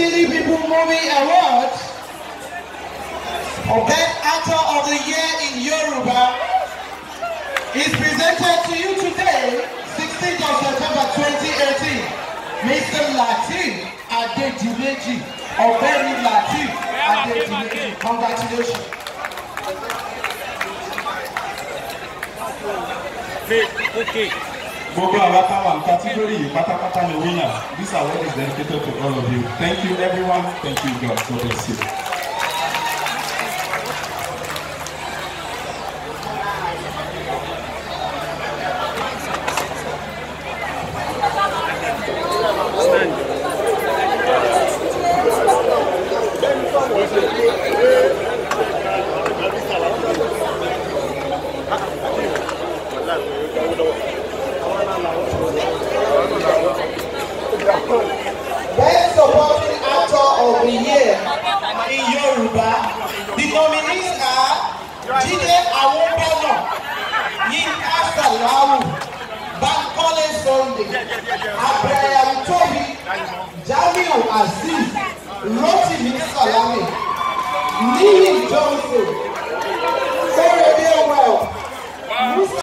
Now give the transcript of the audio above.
Silly People Movie Award for Best Actor of the Year in Yoruba is presented to you today, 16th of September 2018. Mr. Lateef Adejumeji, Ọ̀gbẹ́ni Lateef Adejumeji, congratulations. Okay gbogbo àwa táwa ní kátígórì yìí pátápátá ni winner this award is dedicated to all of you thank you everyone thank you God God bless you. nominees are Jide Awobona, Yinka Salawu, Bankole Sunday, Abraham Tobi, Jamiu Azeez, Rotimi Salami, Niyi Johnson.